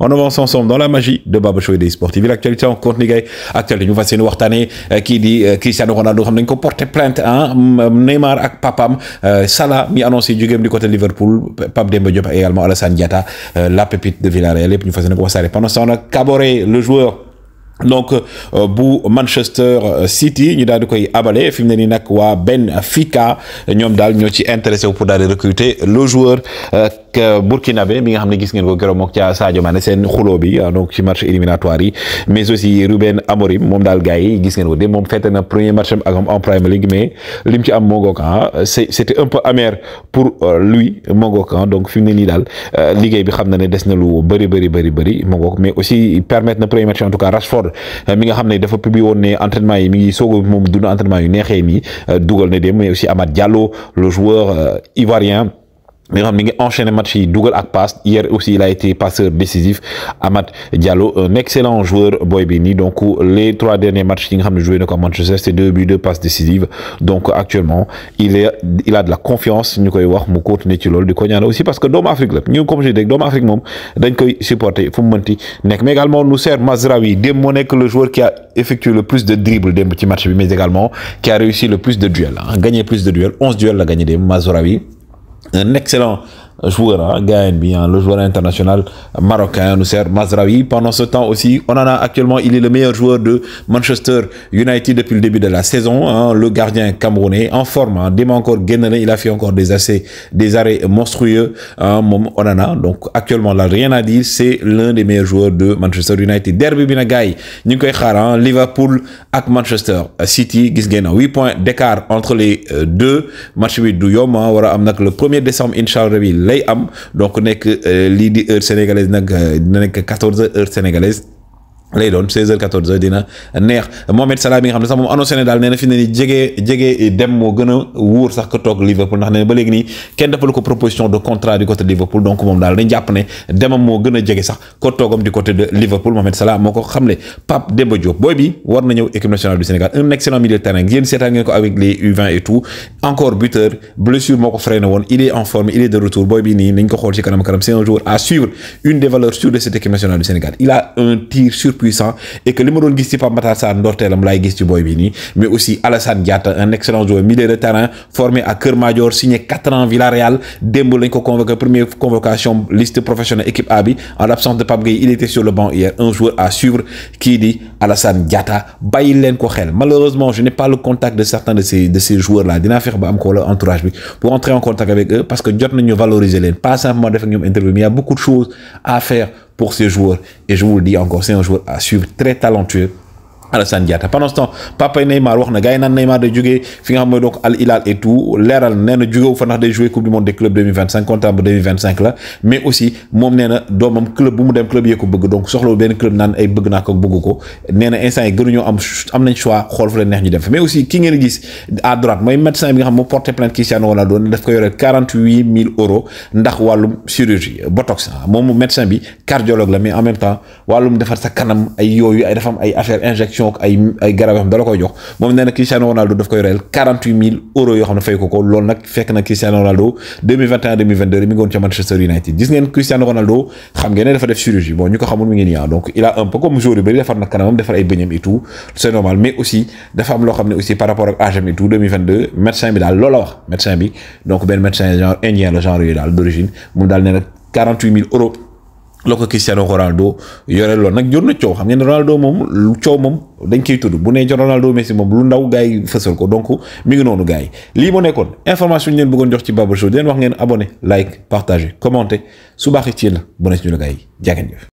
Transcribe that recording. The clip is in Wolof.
on avance ensemble dans la magie de Baba et des sportifs l'actualité en compte les gars actualité nous faisons yéene waxtaanee qui dit euh, Cristiano Ronaldo nous nañ ko porté plainte hein, Neymar et papam euh, Salah mi annoncé game du côté Liverpool Pape Demba Diop également Alassane Diata, euh, la pépite de Villarreal Nous ñu nous faisons ko wasaare pendant ce temps a Caboret le joueur donc bu Manchester City ñu a di abalé, abale fi mu ne Benfica nous daal ñoo intéressé pour d'aller recruter le joueur ak euh, Burkinabé mi nga xamné gis ngeen ko keroog mook Sadio Mané seen xulo bi euh, donc ci match éliminatoire yi mais aussi Ruben Amorim mom d'Al gaay gis ngeen ko de moom na premier match am en Premier League mais lim ci am moo hein, c'était un peu amer pour euh, lui moo hein, donc fi ni ne nii daal bi xamné ne des na lu bari, bari, bari, bari moo mais aussi permettre na premier match en tout cas Rashford mi nga xamné dafa publié woon ne entraînement yi mi ngi soog moom dund entraînement yu nexé mi dougal né dem mais aussi Amad Diallo le joueur ivoirien mi nga enchaîner enchaîné match yi Dougal ak hier aussi il a été passeur décisif Ahmad Diallo un excellent joueur Boy Bini. donc les trois derniers matchs yi a joué Manchester c'est deux buts deux passes décisives donc actuellement il est il a de la confiance Nous koy voir mu continuer ci loolu di ko aussi parce que Dom Afrique nous comme je dis dans Afrique moom dañ koy supporter fu mu mais également nous sert Mazraoui démb moo que le joueur qui a effectué le plus de dribbles des petits matchs mais également qui a réussi le plus de duels hein. gagné plus de duels 11 duels a gagné des Mazraoui nekk excellent joueur, hein, gagne bien, hein, le joueur international marocain, nous sert Mazraoui. Pendant ce temps aussi, on en a actuellement, il est le meilleur joueur de Manchester United depuis le début de la saison, hein, le gardien camerounais, en forme, hein, demain il a fait encore des assez des arrêts monstrueux, hein, donc actuellement là, rien à dire, c'est l'un des meilleurs joueurs de Manchester United. Derby Binagay, Nikoy Liverpool avec Manchester City, 8 points d'écart entre les euh, deux, match 8 du Yom, le 1er décembre, Inch'Allah, lay am donc nekk euh, lii di heure sénégalaise nag euh, dina nekk quatorze heure sénégalaise lay doon 16 14 dina neex Mohamed Salah bi nga xamne sax mom annoncé ne daal nee fi ne ni jege jege dem mo gëna a sax ko toog Liverpool ndax nee ba légui ni kenn defalu ko proposition de contrat du côté de Liverpool donc mom dal dañ japp né dem moo gën a jege sax ko togom du côté de Liverpool Mohamed Salah moko xamlé xamle Pape Demba Diop boy bi war na équipe nationale du Sénégal un excellent milieu de terrain yéen seetaan ngeen ko avec les U20 et tout encore buteur blessure moko freiné won il est en forme il est de retour boy bi ni nañ ko xol ci kanam karam c'est un joueur à suivre une des valeurs sûres de cette équipe nationale du Sénégal il a un tir sur et que le ma doon matassan d'ortel Pape Matar mais aussi Alassane Diata, un excellent joueur milieu de terrain formé à Cœur Major signé 4 ans Villarreal Dembolinko qui ko convoqué première convocation liste professionnelle équipe Abi en l'absence de Pape il était sur le banc hier un joueur à suivre qui dit Alassane Diata Bayilen leen malheureusement je n'ai pas le contact de certains de ces de ces joueurs là d'une affaire ba leur entourage pour entrer en contact avec eux parce que jot nañu valoriser les pas simplement de faire interview il y a beaucoup de choses à faire pour ce joueur. Et je vous le dis encore, c'est un joueur à suivre, très talentueux, Alassane Diatta pendant ce temps Papa Neymar wax na gars yi Neymar de jugé fi nga donc Al Hilal et tout l'Éral nee jugé jógewu fa ndax day jouer coupe du monde des clubs 2025 comptable 2025 la mais aussi mom nee domam club bu mu dem club yeku bëgg donc soxlo ben club nan ay bëgg nak ak bëgg ko nee instant yi ñu am am nañ choix xool fu neex ñu dem fa mais aussi ki ngeen gis à droite mooy médecin bi nga xam moo porté plainte Cristiano Ronaldo daf ko yoré 48 000 euros ndax walum chirurgie botox moom médecin bi cardiologue la mais en même temps walum défar sa kanam ay yoyu ay dafa am ay affaire injection option ay ay garab xam jox mom neena Cristiano Ronaldo daf koy rel 48000 euros yo xam fay ko ko lool nak fekk na Cristiano Ronaldo 2021 2022 mi ngone ci Manchester United gis ngeen Cristiano Ronaldo xam ngeen dafa def chirurgie bon ñuko xamul mi ngi ya ah. donc il a un peu comme joueur yu bëri defar na kanamam defar ay bëñam et tout c'est normal mais aussi dafa am lo xamne aussi par rapport ak âge tout 2022 médecin bi dal loolu wax médecin bi donc ben médecin genre indien le genre yi dal d'origine moom dal nee 48000 euros loo Cristiano Ronaldo yore loolu nag jot na coow xam ngeen Ronaldo mom coow moom dañ koy tuddu bu né ci Ronaldo Messi mom lu ndaw gars fessel ko donc mi ngi nonu gars li mo moo nekkoon information ñu leen bëggoon jox ci Babar Show di wax ngeen abonné like partager commenter su baaxee ci yéen la bu ne suñu la gars yi jëf